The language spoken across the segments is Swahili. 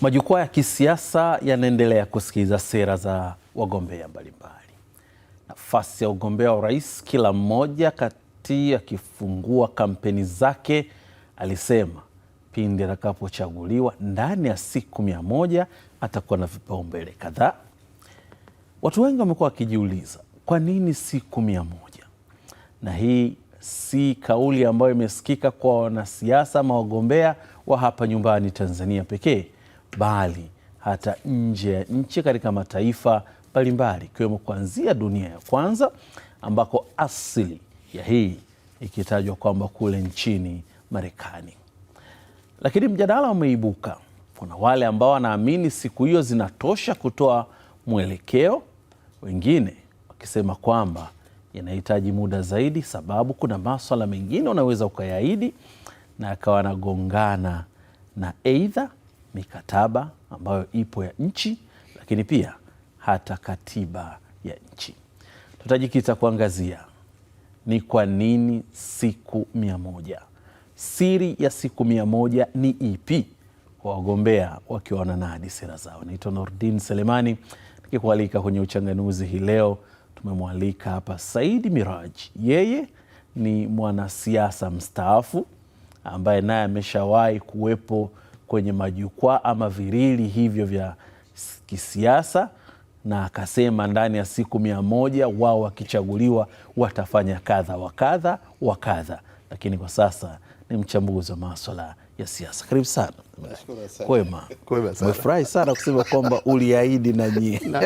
Majukwaa ya kisiasa yanaendelea kusikiliza sera za wagombea mbalimbali. Nafasi ya ugombea wa urais, kila mmoja kati akifungua kampeni zake alisema pindi atakapochaguliwa ndani ya siku mia moja atakuwa na vipaumbele kadhaa. Watu wengi wamekuwa wakijiuliza kwa nini siku mia moja, na hii si kauli ambayo imesikika kwa wanasiasa ama wagombea wa hapa nyumbani Tanzania pekee bali hata nje ya nchi katika mataifa mbalimbali ikiwemo kuanzia dunia ya kwanza ambako asili ya hii ikitajwa kwamba kule nchini Marekani. Lakini mjadala umeibuka. Kuna wale ambao wanaamini siku hiyo zinatosha kutoa mwelekeo, wengine wakisema kwamba yanahitaji muda zaidi, sababu kuna maswala mengine unaweza ukayaahidi na akawa anagongana na eidha mikataba ambayo ipo ya nchi, lakini pia hata katiba ya nchi. Tutajikita kuangazia ni kwa nini siku mia moja. Siri ya siku mia moja ni ipi kwa wagombea wakiwa wananadi sera zao? Naitwa Nordin Selemani nikikualika kwenye Uchanganuzi hii leo. Tumemwalika hapa Saidi Miraji, yeye ni mwanasiasa mstaafu ambaye naye ameshawahi kuwepo kwenye majukwaa ama virili hivyo vya kisiasa, na akasema ndani ya siku mia moja wao wakichaguliwa watafanya kadha wa kadha wa kadha, lakini kwa sasa ni mchambuzi wa maswala ya siasa. Karibu sana. Kwema, umefurahi sana kusema kwamba uliahidi na nyie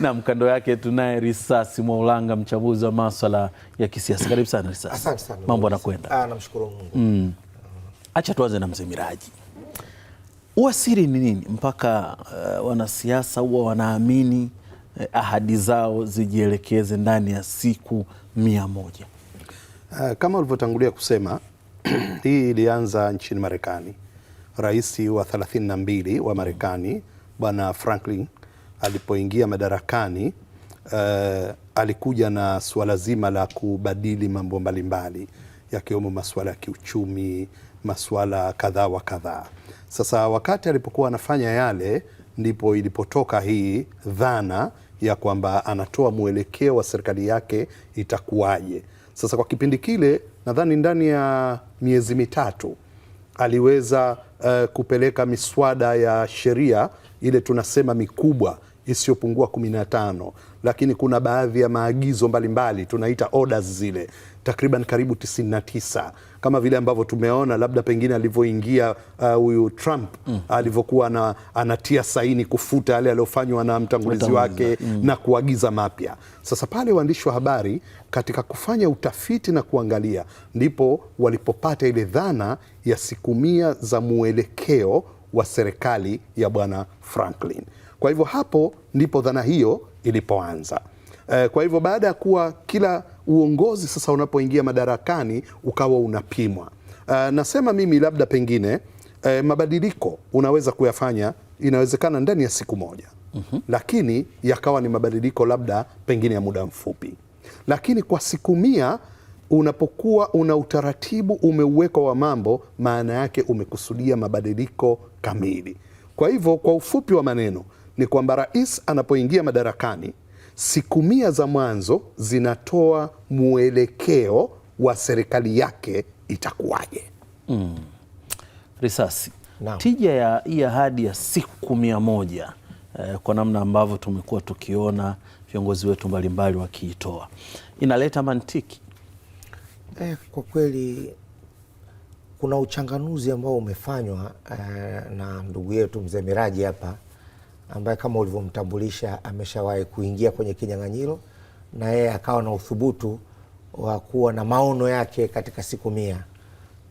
nam. Kando yake tunaye Risasi Mwaulanga, mchambuzi wa maswala ya kisiasa. Karibu sana Risasi, mambo anakwenda. Ah, namshukuru Mungu. Mm. Acha tuanze na mzee Miraji. Uasiri ni nini mpaka uh, wanasiasa huwa wanaamini eh, ahadi zao zijielekeze ndani ya siku mia moja? Uh, kama ulivyotangulia kusema hii ilianza nchini Marekani. Rais wa 32 wa Marekani Bwana Franklin alipoingia madarakani uh, alikuja na suala zima la kubadili mambo mbalimbali yakiwemo masuala ya kiuchumi masuala kadhaa wa kadhaa. Sasa wakati alipokuwa anafanya yale, ndipo ilipotoka hii dhana ya kwamba anatoa mwelekeo wa serikali yake itakuwaje. Sasa kwa kipindi kile, nadhani ndani ya miezi mitatu aliweza uh, kupeleka miswada ya sheria ile tunasema mikubwa isiyopungua 15 lakini kuna baadhi ya maagizo mbalimbali mbali, tunaita orders zile takriban karibu 99 kama vile ambavyo tumeona labda pengine alivyoingia uh, huyu uh, Trump mm. alivyokuwa na, anatia saini kufuta yale aliyofanywa na mtangulizi wake mm. na kuagiza mapya. Sasa pale waandishi wa habari katika kufanya utafiti na kuangalia, ndipo walipopata ile dhana ya siku mia za mwelekeo wa serikali ya bwana Franklin. Kwa hivyo hapo ndipo dhana hiyo ilipoanza. Eh, kwa hivyo baada ya kuwa kila uongozi sasa unapoingia madarakani ukawa unapimwa. Uh, nasema mimi labda pengine uh, mabadiliko unaweza kuyafanya, inawezekana ndani ya siku moja mm -hmm. Lakini yakawa ni mabadiliko labda pengine ya muda mfupi, lakini kwa siku mia unapokuwa una utaratibu umeuwekwa wa mambo, maana yake umekusudia mabadiliko kamili. Kwa hivyo, kwa ufupi wa maneno ni kwamba rais anapoingia madarakani siku mia za mwanzo zinatoa mwelekeo wa serikali yake itakuwaje. Mm. Risasi no. Tija ya hii ahadi ya siku mia moja eh, kwa namna ambavyo tumekuwa tukiona viongozi wetu mbalimbali wakiitoa inaleta mantiki eh, kwa kweli kuna uchanganuzi ambao umefanywa eh, na ndugu yetu mzee Miraji hapa ambaye kama ulivyomtambulisha ameshawahi kuingia kwenye kinyang'anyiro na yeye akawa na uthubutu wa kuwa na maono yake katika siku mia.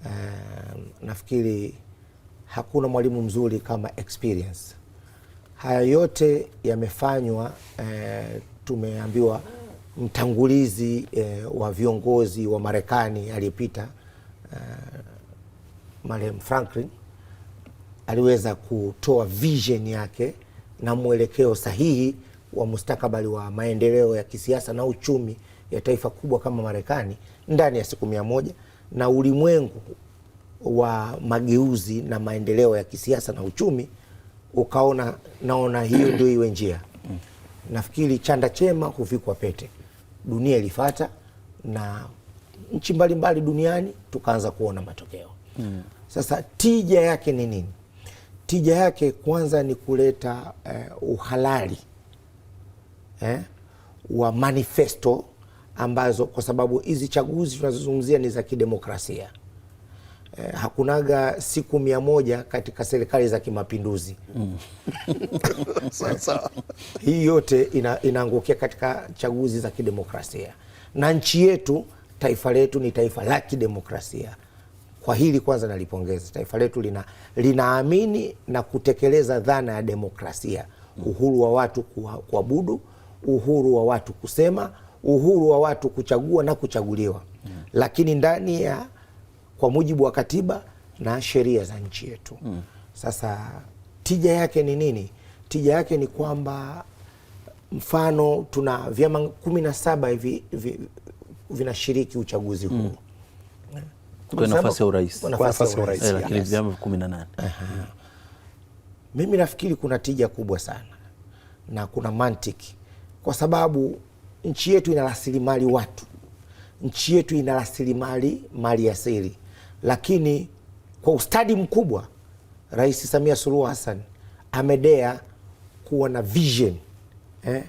Uh, nafikiri hakuna mwalimu mzuri kama experience. Haya yote yamefanywa, uh, tumeambiwa mtangulizi uh, wa viongozi wa Marekani aliyepita uh, marehemu Franklin aliweza kutoa vision yake na mwelekeo sahihi wa mustakabali wa maendeleo ya kisiasa na uchumi ya taifa kubwa kama Marekani ndani ya siku mia moja na ulimwengu wa mageuzi na maendeleo ya kisiasa na uchumi ukaona, naona hiyo ndio iwe njia. Nafikiri chanda chema huvikwa pete, dunia ilifata na nchi mbalimbali duniani tukaanza kuona matokeo. Hmm. Sasa tija yake ni nini? tija yake kwanza ni kuleta eh, uhalali eh, wa manifesto ambazo kwa sababu hizi chaguzi tunazozungumzia ni za kidemokrasia eh, hakunaga siku mia moja katika serikali za kimapinduzi mm. Sasa hii yote ina, inaangukia katika chaguzi za kidemokrasia, na nchi yetu, taifa letu ni taifa la kidemokrasia. Kwa hili kwanza nalipongeza taifa letu lina, linaamini na kutekeleza dhana ya demokrasia, uhuru wa watu kuabudu, uhuru wa watu kusema, uhuru wa watu kuchagua na kuchaguliwa, lakini ndani ya kwa mujibu wa katiba na sheria za nchi yetu. Sasa tija yake ni nini? Tija yake ni kwamba mfano tuna vyama kumi na saba hivi vinashiriki uchaguzi huu mm kwa nafasi ya urais, eh, lakini vyama kumi na nane. Mimi nafikiri kuna tija kubwa sana na kuna mantiki, kwa sababu nchi yetu ina rasilimali watu, nchi yetu ina rasilimali mali asili, lakini kwa ustadi mkubwa Rais Samia Suluhu Hassan amedea kuwa na vision eh,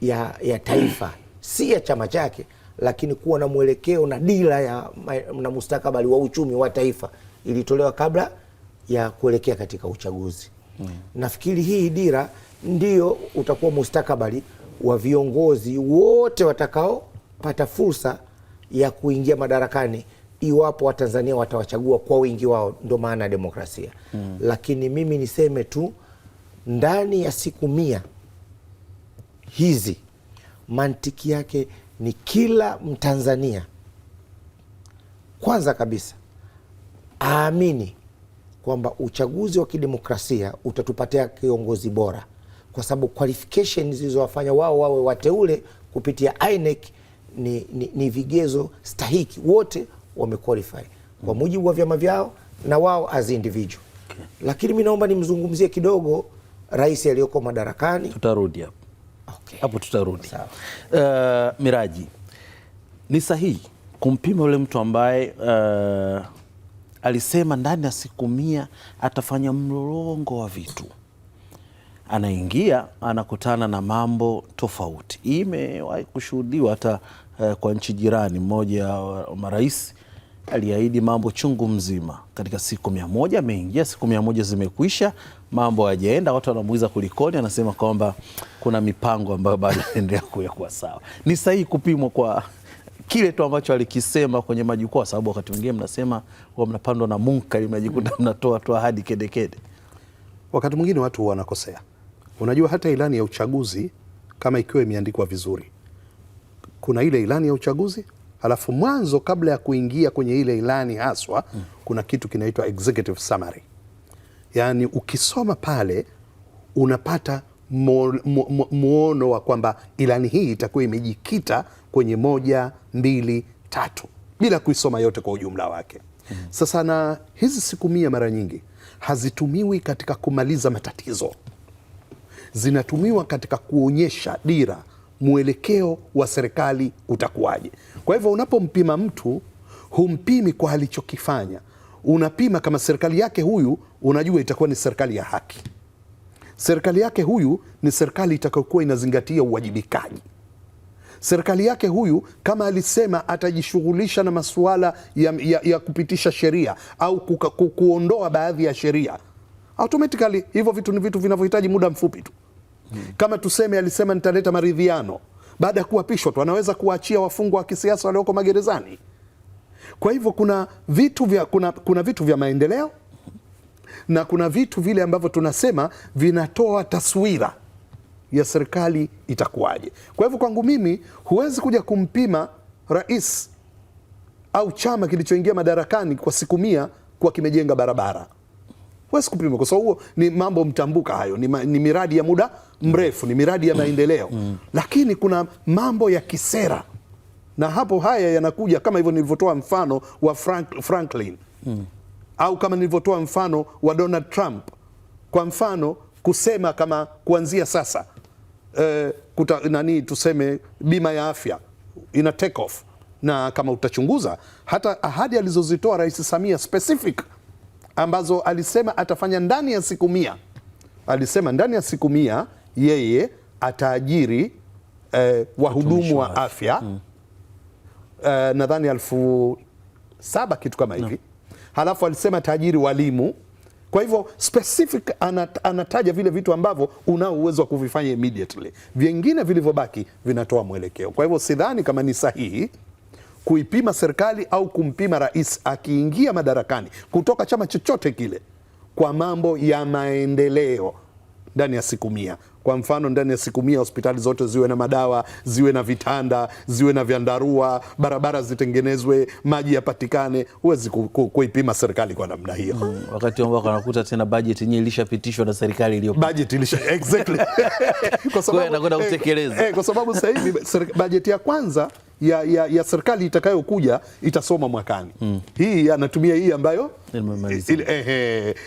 ya, ya taifa si ya chama chake lakini kuwa na mwelekeo na dira ya na mustakabali wa uchumi wa taifa ilitolewa kabla ya kuelekea katika uchaguzi. Mm. Nafikiri hii dira ndio utakuwa mustakabali wa viongozi wote watakaopata fursa ya kuingia madarakani iwapo Watanzania watawachagua kwa wingi wao, ndio maana ya demokrasia. Mm. Lakini mimi niseme tu ndani ya siku mia hizi mantiki yake ni kila Mtanzania kwanza kabisa aamini kwamba uchaguzi wa kidemokrasia utatupatia kiongozi bora, kwa sababu qualification zilizowafanya wao wawe wateule kupitia INEC ni, ni, ni vigezo stahiki. Wote wamequalify kwa mm. mujibu wa vyama vyao na wao as individual. Okay. Lakini mi naomba nimzungumzie kidogo rais aliyoko madarakani, tutarudi hapo hapo Tutarudi uh, Miraji, ni sahihi kumpima yule mtu ambaye uh, alisema ndani ya siku mia atafanya mlolongo wa vitu, anaingia anakutana na mambo tofauti. Hii imewahi kushuhudiwa hata uh, kwa nchi jirani. Mmoja wa marais aliahidi mambo chungu mzima katika siku mia moja, ameingia siku mia moja zimekwisha, mambo hayajaenda, watu wanamuuliza kulikoni, anasema kwamba kuna mipango ambayo bado inaendelea kuwekwa sawa. Ni sahihi kupimwa kwa kile tu ambacho alikisema kwenye majukwaa, sababu wakati mwingine mnasema huwa mnapandwa na munkari, mnajikuta mm. mnatoa tu ahadi kedekede. Wakati mwingine watu wanakosea. Unajua, hata ilani ya uchaguzi kama ikiwa imeandikwa vizuri, kuna ile ilani ya uchaguzi alafu mwanzo, kabla ya kuingia kwenye ile ilani haswa, mm. kuna kitu kinaitwa executive summary yani ukisoma pale unapata muono wa kwamba ilani hii itakuwa imejikita kwenye moja, mbili, tatu bila kuisoma yote kwa ujumla wake. mm -hmm. Sasa na hizi siku mia mara nyingi hazitumiwi katika kumaliza matatizo, zinatumiwa katika kuonyesha dira, mwelekeo wa serikali utakuwaje. Kwa hivyo unapompima mtu humpimi kwa alichokifanya, unapima kama serikali yake huyu unajua itakuwa ni serikali ya haki, serikali yake huyu ni serikali itakayokuwa inazingatia uwajibikaji serikali yake huyu kama alisema atajishughulisha na masuala ya, ya, ya kupitisha sheria au kuka, ku, kuondoa baadhi ya sheria automatically. Hivyo vitu ni vitu vinavyohitaji muda mfupi tu Kama tuseme alisema nitaleta maridhiano, baada ya kuapishwa tu anaweza kuwaachia wafungwa wa kisiasa walioko magerezani. Kwa hivyo kuna vitu vya, kuna, kuna vitu vya maendeleo na kuna vitu vile ambavyo tunasema vinatoa taswira ya serikali itakuwaje. Kwa hivyo kwangu mimi huwezi kuja kumpima rais au chama kilichoingia madarakani kwa siku mia kuwa kimejenga barabara huwezi kupima, kwa sababu huo ni mambo mtambuka. Hayo ni, ma, ni miradi ya muda mrefu, ni miradi ya maendeleo, mm. lakini kuna mambo ya kisera na hapo haya yanakuja kama hivyo nilivyotoa mfano wa Frank, Franklin mm. au kama nilivyotoa mfano wa Donald Trump kwa mfano kusema kama kuanzia sasa eh, kuta, nani tuseme bima ya afya ina take off na kama utachunguza hata ahadi alizozitoa Rais Samia specific ambazo alisema atafanya ndani ya siku mia, alisema ndani ya siku mia yeye ataajiri eh, wahudumu wa afya hmm. Eh, nadhani elfu saba kitu kama hivi no. Halafu alisema tajiri walimu kwa hivyo specific anat, anataja vile vitu ambavyo unao uwezo wa kuvifanya immediately. Vingine vilivyobaki vinatoa mwelekeo. Kwa hivyo sidhani kama ni sahihi kuipima serikali au kumpima rais akiingia madarakani kutoka chama chochote kile kwa mambo ya maendeleo ndani ya siku mia. Kwa mfano, ndani ya siku mia hospitali zote ziwe na madawa, ziwe na vitanda, ziwe na vyandarua, barabara zitengenezwe, maji yapatikane. Huwezi kuipima serikali kwa namna hiyo mm, wakati ambao anakuta tena bajeti yenyewe ilishapitishwa na serikali iliyopita, bajeti ilisha exactly kwa sababu anakwenda eh, kutekeleza eh, kwa sababu sasa hivi bajeti ya kwanza ya, ya, ya serikali itakayokuja itasoma mwakani mm. Hii anatumia hii ambayo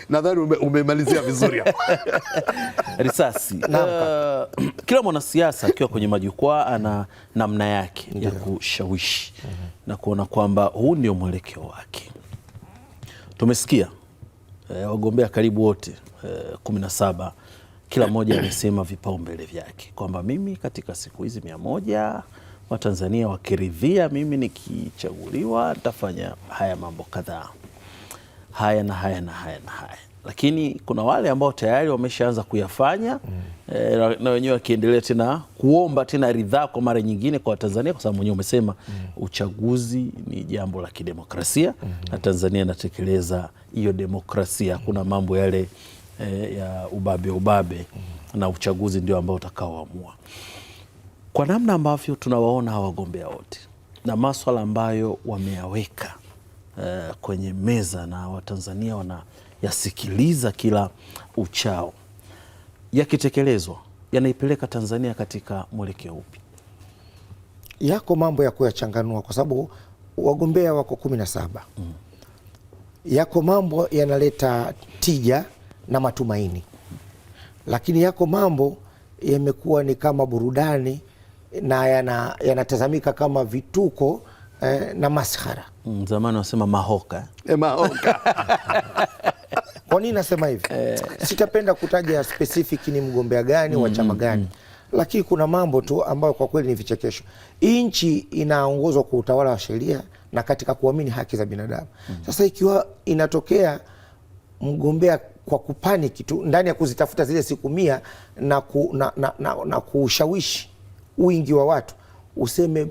nadhani umemalizia vizuri risasi. Uh, kila mwanasiasa akiwa kwenye majukwaa ana namna yake ya kushawishi mm -hmm. na kuona kwamba huu ndio mwelekeo wake. Tumesikia eh, wagombea karibu wote eh, kumi na saba, kila mmoja amesema vipaumbele vyake kwamba mimi katika siku hizi mia moja Watanzania wakiridhia mimi nikichaguliwa nitafanya haya mambo kadhaa, haya na haya na haya na haya, lakini kuna wale ambao tayari wameshaanza kuyafanya mm. E, na wenyewe wakiendelea tena kuomba tena ridhaa kwa mara nyingine kwa Watanzania, kwa sababu mwenyewe umesema mm. uchaguzi ni jambo la kidemokrasia mm -hmm. na Tanzania inatekeleza hiyo demokrasia. Kuna mm-hmm. mambo yale e, ya ubabe ubabe mm -hmm. na uchaguzi ndio ambao utakaoamua kwa namna ambavyo tunawaona wagombea wote na maswala ambayo wameyaweka uh, kwenye meza na Watanzania wanayasikiliza kila uchao, yakitekelezwa yanaipeleka Tanzania katika mwelekeo upi? Yako mambo ya kuyachanganua kwa sababu wagombea wako kumi na saba. Mm. Yako mambo yanaleta tija na matumaini, lakini yako mambo yamekuwa ni kama burudani na yanatazamika yana kama vituko eh, na maskhara. Mm, zamani wasema mahoka e, mahoka Kwa nini nasema hivi? Eh. Sitapenda kutaja specific ni mgombea gani wa mm, chama mm, gani, mm. lakini kuna mambo tu ambayo kwa kweli ni vichekesho. Nchi inaongozwa kwa utawala wa sheria na katika kuamini haki za binadamu. Sasa ikiwa inatokea mgombea kwa kupaniki tu ndani ya kuzitafuta zile siku mia na, ku, na, na, na, na kuushawishi wingi wa watu useme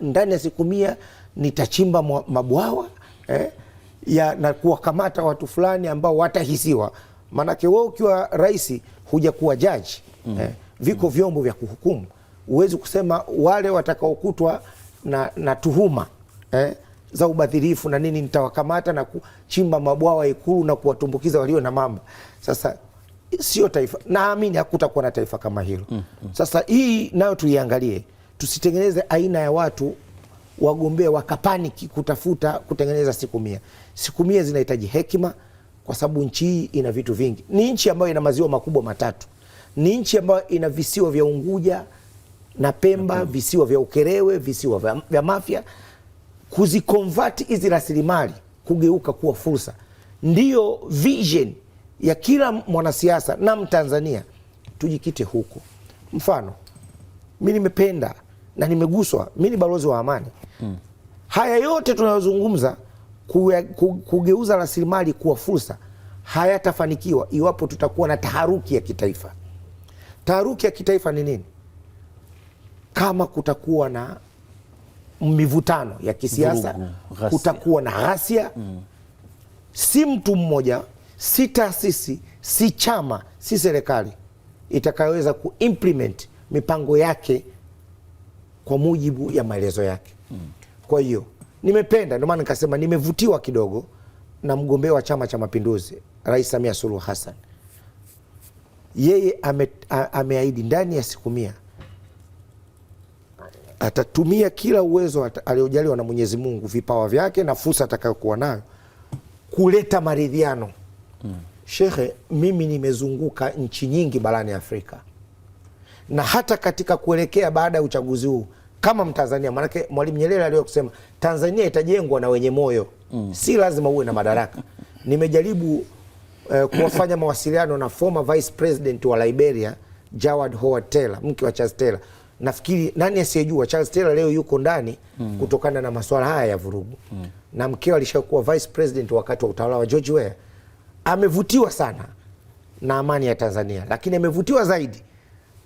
ndani ya siku mia nitachimba mabwawa eh, ya na kuwakamata watu fulani ambao watahisiwa. Maanake wewe ukiwa rais hujakuwa jaji mm. eh, viko mm. vyombo vya kuhukumu. Huwezi kusema wale watakaokutwa na, na tuhuma eh, za ubadhirifu na nini nitawakamata na kuchimba mabwawa Ikulu na kuwatumbukiza walio na mamba. Sasa sio taifa, naamini hakutakuwa na taifa kama hilo mm, mm. Sasa hii nayo tuiangalie, tusitengeneze aina ya watu wagombea wakapaniki kutafuta kutengeneza siku mia. Siku mia zinahitaji hekima, kwa sababu nchi hii ina vitu vingi. Ni nchi ambayo ina maziwa makubwa matatu, ni nchi ambayo ina visiwa vya Unguja na Pemba okay. Mm-hmm. visiwa vya Ukerewe, visiwa vya, vya Mafia. Kuzikonvati hizi rasilimali kugeuka kuwa fursa, ndiyo vision ya kila mwanasiasa na Mtanzania, tujikite huko. Mfano, mi nimependa na nimeguswa, mi ni balozi wa amani hmm. Haya yote tunayozungumza kugeuza rasilimali kuwa fursa hayatafanikiwa iwapo tutakuwa na taharuki ya kitaifa. Taharuki ya kitaifa ni nini? Kama kutakuwa na mivutano ya kisiasa, kutakuwa na ghasia, mm. si mtu mmoja si taasisi, si chama, si serikali itakayoweza kuimplement mipango yake kwa mujibu ya maelezo yake. Mm. Kwa hiyo nimependa, ndio maana nikasema nimevutiwa kidogo na mgombea wa Chama cha Mapinduzi, Rais Samia Suluhu Hassan. Yeye ame, ameahidi ndani ya siku mia atatumia kila uwezo aliojaliwa na Mwenyezi Mungu, vipawa vyake na fursa atakayokuwa nayo kuleta maridhiano mm. Shekhe, mimi nimezunguka nchi nyingi barani Afrika na hata katika kuelekea baada ya uchaguzi huu kama Mtanzania, maanake Mwalimu Nyerere aliwahi kusema Tanzania itajengwa na wenye moyo mm. si lazima uwe na madaraka. Nimejaribu eh, kuwafanya mawasiliano na former vice president wa Liberia Jawad Howard Taylor, mke wa Charles Taylor. Nafikiri nani asiyejua Charles Taylor leo yuko ndani mm. kutokana na masuala haya ya vurugu mm. na mkeo alishakuwa vice president wakati wa utawala wa George Weah amevutiwa sana na amani ya Tanzania, lakini amevutiwa zaidi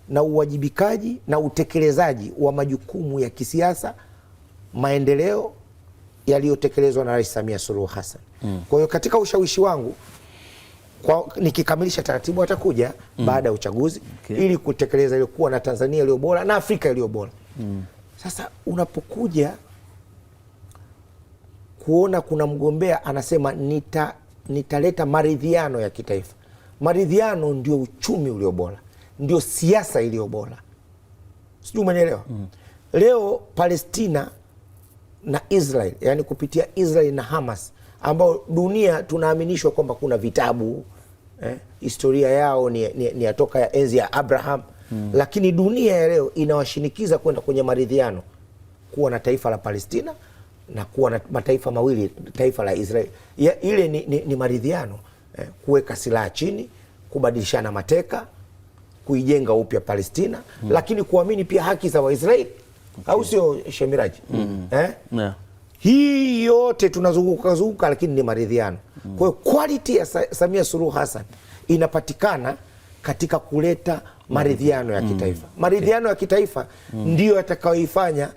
na uwajibikaji na utekelezaji wa majukumu ya kisiasa, maendeleo yaliyotekelezwa na Rais Samia Suluhu Hassan. Mm. Kwa hiyo katika ushawishi wangu kwa, nikikamilisha taratibu atakuja mm. baada ya uchaguzi okay. ili kutekeleza ile kuwa na Tanzania iliyo bora na Afrika iliyo bora mm. Sasa unapokuja kuona kuna mgombea anasema nita nitaleta maridhiano ya kitaifa. Maridhiano ndio uchumi ulio bora, ndio siasa iliyo bora, sijui umenielewa mm. Leo Palestina na Israel, yani kupitia Israel na Hamas ambao dunia tunaaminishwa kwamba kuna vitabu eh, historia yao ni, ni, ni yatoka ya enzi ya Abraham mm. Lakini dunia ya leo inawashinikiza kwenda kwenye maridhiano kuwa na taifa la Palestina na kuwa na mataifa mawili, taifa la Israeli ile ni, ni, ni maridhiano eh, kuweka silaha chini, kubadilishana mateka, kuijenga upya Palestina mm. lakini kuamini pia haki za Waisraeli okay. au sio Shemiraji? mm. eh? yeah. Hii yote tunazunguka zunguka, lakini ni maridhiano mm. Kwa hiyo quality ya sa, Samia Suluhu Hassan inapatikana katika kuleta maridhiano ya hmm. kitaifa mm. maridhiano okay. ya kitaifa mm. ndiyo yatakayoifanya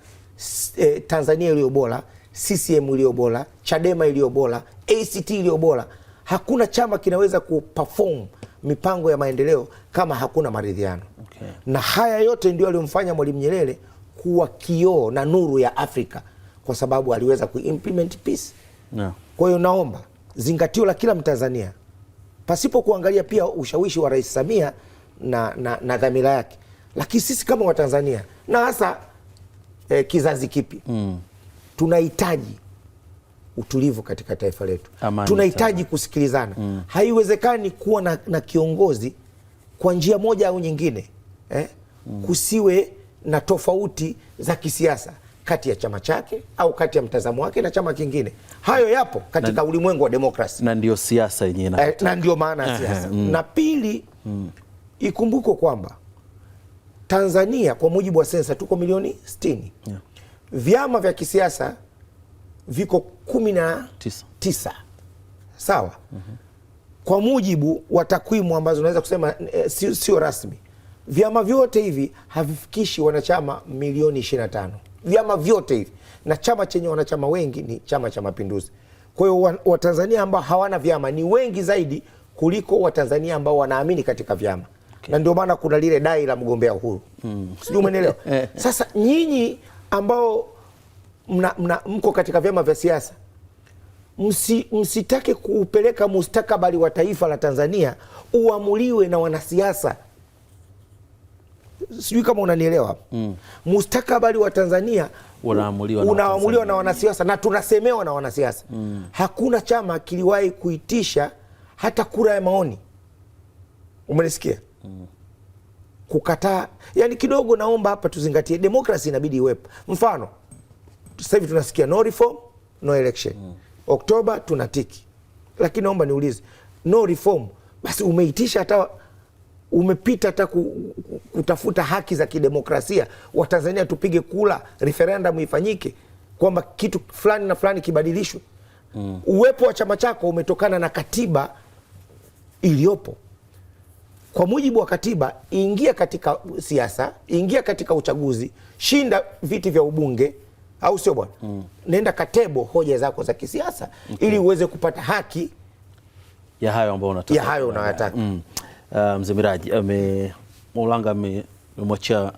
eh, Tanzania iliyo bora CCM iliyo bora, Chadema iliyo bora, ACT iliyo bora. Hakuna chama kinaweza kuperform mipango ya maendeleo kama hakuna maridhiano. Okay. Na haya yote ndio aliyomfanya Mwalimu Nyerere kuwa kioo na nuru ya Afrika kwa sababu aliweza kuimplement peace. No. Kwa hiyo naomba zingatio la kila Mtanzania pasipo kuangalia pia ushawishi wa Rais Samia na, na, na dhamira yake, lakini sisi kama Watanzania na hasa eh, kizazi kipi mm tunahitaji utulivu katika taifa letu, tunahitaji kusikilizana mm. Haiwezekani kuwa na, na kiongozi kwa njia moja au nyingine eh? mm. Kusiwe na tofauti za kisiasa kati ya chama chake au kati ya mtazamo wake na chama kingine. Hayo yapo katika ulimwengu wa demokrasi na ndio siasa yenyewe eh, na ndio maana ya siasa mm. Na pili mm. Ikumbukwe kwamba Tanzania kwa mujibu wa sensa tuko milioni 60 yeah vyama vya kisiasa viko kumi na tisa, tisa. Sawa mm -hmm. Kwa mujibu wa takwimu ambazo unaweza kusema e, sio si rasmi, vyama vyote hivi havifikishi wanachama milioni 25 vyama vyote hivi, na chama chenye wanachama wengi ni Chama cha Mapinduzi. Kwa hiyo Watanzania ambao hawana vyama ni wengi zaidi kuliko Watanzania ambao wanaamini katika vyama okay. Na ndio maana kuna lile dai la mgombea uhuru mm. Sijui eh. Sasa nyinyi ambao mna, mna, mko katika vyama vya siasa msi, msitake kuupeleka mustakabali wa taifa la Tanzania uamuliwe na wanasiasa. Sijui kama unanielewa mm. Mustakabali wa Tanzania unaamuliwa na, na wanasiasa na tunasemewa na wanasiasa mm. Hakuna chama kiliwahi kuitisha hata kura ya maoni, umenisikia mm kukataa. Yani kidogo naomba hapa tuzingatie demokrasi, inabidi iwepo. Mfano sasa hivi tunasikia no reform no election mm. Oktoba tunatiki, lakini naomba niulize no reform, basi umeitisha hata umepita hata kutafuta haki za kidemokrasia Watanzania, tupige kula referendum ifanyike kwamba kitu fulani na fulani kibadilishwe. Mm. Uwepo wa chama chako umetokana na katiba iliyopo kwa mujibu wa katiba, ingia katika siasa, ingia katika uchaguzi, shinda viti vya ubunge, au sio bwana? mm. Nenda katebo hoja zako za kisiasa okay. ili uweze kupata haki ya hayo ambayo unataka, ya hayo unayotaka. mm. Uh, mzee Miraji ame Maulanga amemwachia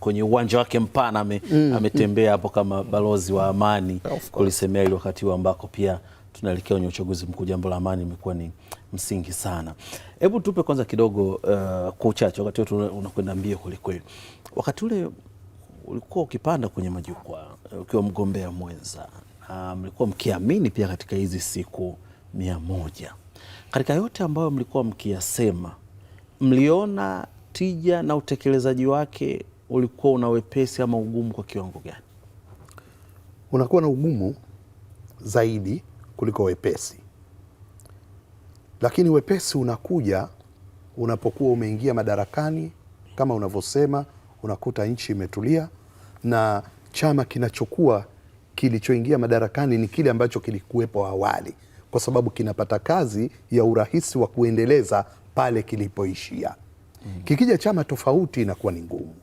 kwenye uwanja wake mpana, mm. ametembea mm. hapo kama balozi wa amani kulisemea ile wakati ambako pia tunaelekea kwenye uchaguzi mkuu, jambo la amani imekuwa ni msingi sana. Hebu tupe kwanza kidogo uh, kwa uchache, wakati wote unakwenda mbio kwelikweli, wakati ule ulikuwa ukipanda kwenye majukwaa uh, ukiwa mgombea mwenza na uh, mlikuwa mkiamini pia katika hizi siku mia moja, katika yote ambayo mlikuwa mkiyasema, mliona tija na utekelezaji wake ulikuwa una wepesi ama ugumu kwa kiwango gani? Unakuwa na ugumu zaidi kuliko wepesi, lakini wepesi unakuja unapokuwa umeingia madarakani, kama unavyosema, unakuta nchi imetulia na chama kinachokuwa kilichoingia madarakani ni kile ambacho kilikuwepo awali, kwa sababu kinapata kazi ya urahisi wa kuendeleza pale kilipoishia. Mm. Kikija chama tofauti inakuwa ni ngumu,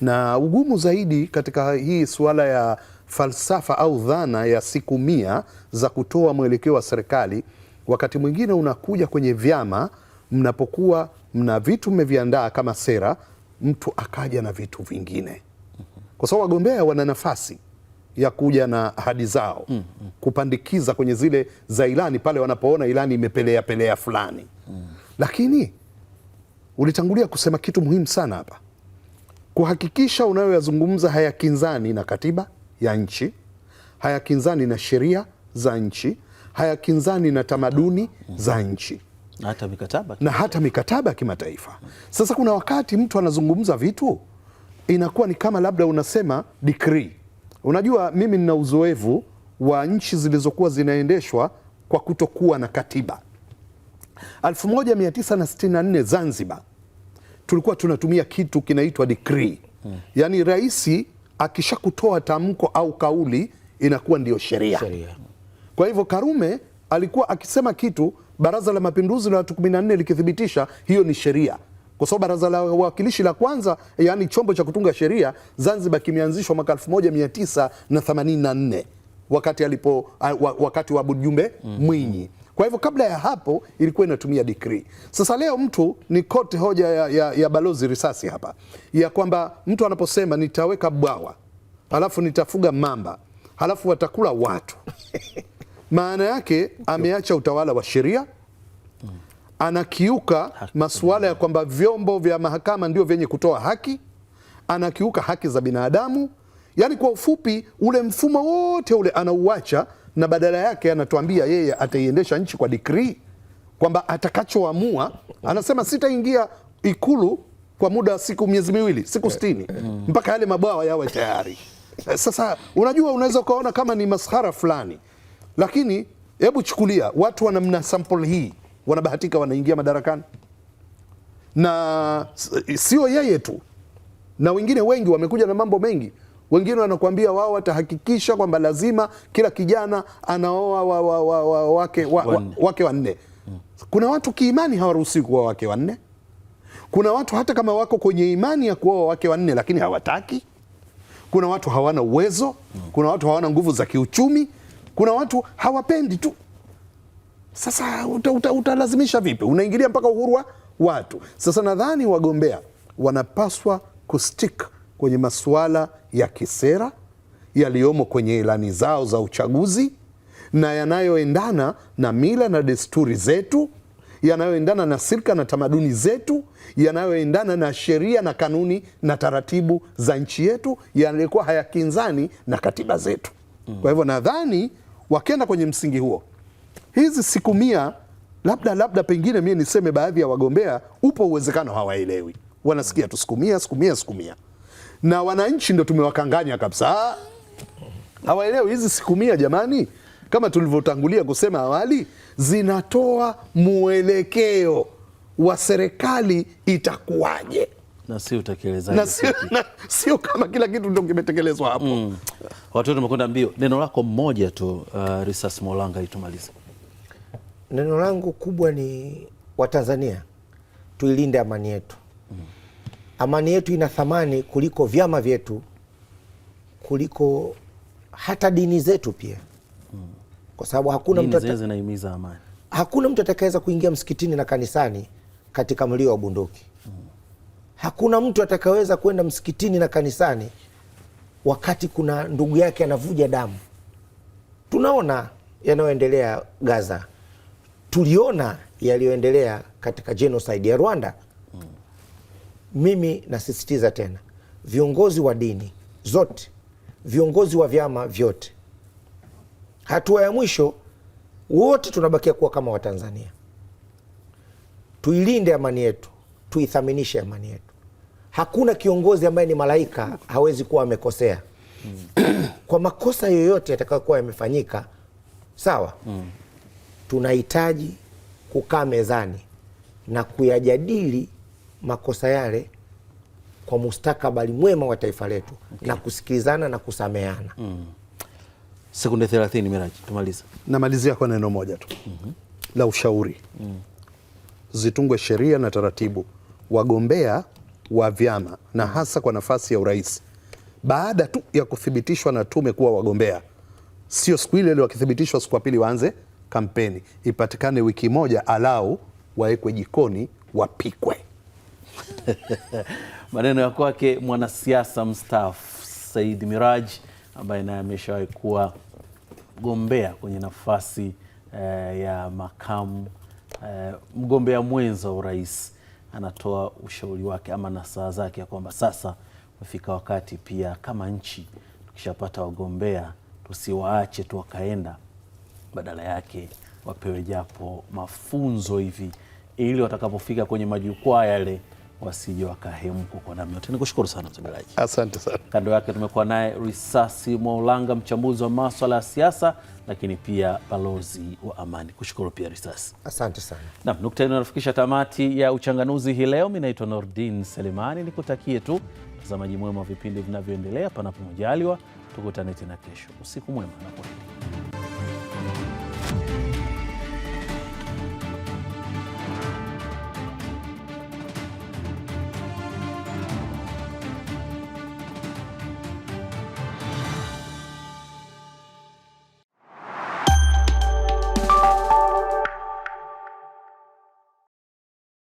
na ugumu zaidi katika hii suala ya falsafa au dhana ya siku mia za kutoa mwelekeo wa serikali, wakati mwingine unakuja kwenye vyama, mnapokuwa mna vitu mmeviandaa kama sera, mtu akaja na vitu vingine, kwa sababu wagombea wana nafasi ya kuja na ahadi zao mm, mm. kupandikiza kwenye zile za ilani pale wanapoona ilani imepelea pelea fulani mm. Lakini ulitangulia kusema kitu muhimu sana hapa, kuhakikisha unayoyazungumza hayakinzani na katiba ya nchi, hayakinzani na sheria za nchi, hayakinzani na tamaduni za nchi na hata mikataba, na hata mikataba ya kimataifa. Sasa kuna wakati mtu anazungumza vitu inakuwa ni kama labda unasema decree. Unajua, mimi nina uzoefu wa nchi zilizokuwa zinaendeshwa kwa kutokuwa na katiba. 1964 Zanzibar tulikuwa tunatumia kitu kinaitwa decree, hmm. yaani rais akishakutoa tamko au kauli inakuwa ndiyo sheria. Kwa hivyo Karume alikuwa akisema kitu, Baraza la Mapinduzi la watu 14 likithibitisha hiyo ni sheria, kwa sababu Baraza la Wawakilishi la kwanza, yaani chombo cha kutunga sheria Zanzibar, kimeanzishwa mwaka 1984 wakati alipo wakati wa Bujumbe mm. Mwinyi. Kwa hivyo kabla ya hapo ilikuwa inatumia degree. Sasa leo mtu ni kote hoja ya, ya, ya balozi risasi hapa ya kwamba mtu anaposema nitaweka bwawa alafu nitafuga mamba halafu watakula watu maana yake ameacha utawala wa sheria, anakiuka masuala ya kwamba vyombo vya mahakama ndio vyenye kutoa haki, anakiuka haki za binadamu. Yaani kwa ufupi, ule mfumo wote ule anauacha na badala yake anatuambia yeye ataiendesha nchi kwa dikrii kwamba atakachoamua, anasema sitaingia Ikulu kwa muda wa siku miezi miwili, siku sitini mpaka yale mabwawa yawe tayari. Sasa unajua, unaweza ukaona kama ni maskhara fulani, lakini hebu chukulia watu wanamna sample hii wanabahatika wanaingia madarakani, na sio yeye tu, na wengine wengi wamekuja na mambo mengi. Wengine wanakuambia wao watahakikisha kwamba lazima kila kijana anaoa wa, wa, wa, wa, wake wanne wa, wake wanne. kuna watu kiimani hawaruhusi kuoa wake wanne. Kuna watu hata kama wako kwenye imani ya kuoa wake wanne lakini hawataki. Kuna watu hawana uwezo, kuna watu hawana nguvu za kiuchumi, kuna watu hawapendi tu. Sasa utalazimisha uta, uta vipi? Unaingilia mpaka uhuru wa watu. Sasa nadhani wagombea wanapaswa kustik kwenye masuala ya kisera yaliyomo kwenye ilani zao za uchaguzi na yanayoendana na mila na desturi zetu, yanayoendana na silka na tamaduni zetu, yanayoendana na sheria na kanuni na taratibu za nchi yetu, yalikuwa hayakinzani na katiba zetu. Mm. Kwa hivyo nadhani wakienda kwenye msingi huo, hizi siku mia labda labda pengine mie niseme baadhi ya wagombea, upo uwezekano hawaelewi, wanasikia tu siku mia siku mia siku mia na wananchi ndo tumewakanganya kabisa, hawaelewi hizi siku mia jamani, kama tulivyotangulia kusema awali, zinatoa mwelekeo wa serikali itakuwaje na sio utekelezaji na sio, na sio kama kila kitu ndio kimetekelezwa hapo. Mm. Watu tumekwenda mbio. Neno lako mmoja tu uh, Risas Molanga itumalize. Neno langu kubwa ni Watanzania tuilinde amani yetu amani yetu ina thamani kuliko vyama vyetu, kuliko hata dini zetu pia, kwa sababu hakuna mtu zinahimiza amani. Hakuna mtu atakayeweza kuingia msikitini na kanisani katika mlio wa bunduki. Hakuna mtu atakayeweza kwenda msikitini na kanisani wakati kuna ndugu yake anavuja damu. Tunaona yanayoendelea Gaza, tuliona yaliyoendelea katika genocide ya Rwanda. Mimi nasisitiza tena, viongozi wa dini zote, viongozi wa vyama vyote, hatua ya mwisho, wote tunabakia kuwa kama Watanzania. Tuilinde amani yetu, tuithaminishe amani yetu. Hakuna kiongozi ambaye ni malaika, hawezi kuwa amekosea hmm. kwa makosa yoyote yatakayokuwa yamefanyika, sawa hmm. tunahitaji kukaa mezani na kuyajadili makosa yale kwa mustakabali mwema wa taifa letu, okay. na kusikilizana na kusameana mm. Sekunde 30 Miraji, tumalize. Namalizia kwa neno moja tu mm -hmm. la ushauri mm. zitungwe sheria na taratibu, wagombea wa vyama na hasa kwa nafasi ya urais, baada tu ya kuthibitishwa na tume kuwa wagombea, sio siku ile ile wakithibitishwa, siku ya pili waanze kampeni, ipatikane wiki moja alau wawekwe jikoni wapikwe. maneno ya kwake mwanasiasa mstaafu Said Miraj ambaye naye ameshawahi kuwa mgombea kwenye nafasi eh, ya makamu eh, mgombea mwenza wa urais, anatoa ushauri wake ama nasaha zake ya kwamba sasa umefika wakati pia kama nchi tukishapata wagombea tusiwaache tu wakaenda, badala yake wapewe japo mafunzo hivi, ili watakapofika kwenye majukwaa yale wasije wakahemko kwa namna yote. Nikushukuru sana mtazamaji, asante sana. Kando yake tumekuwa naye Risasi Mwaulanga, mchambuzi wa maswala ya siasa, lakini pia balozi wa amani. Kushukuru pia Risasi, asante sana. Naam, nukta hii inafikisha tamati ya uchanganuzi hii leo. Mimi naitwa Nordin Selemani, nikutakie tu mtazamaji mwema wa vipindi vinavyoendelea. Panapo majaliwa, tukutane tena kesho. Usiku mwema na kwaheri.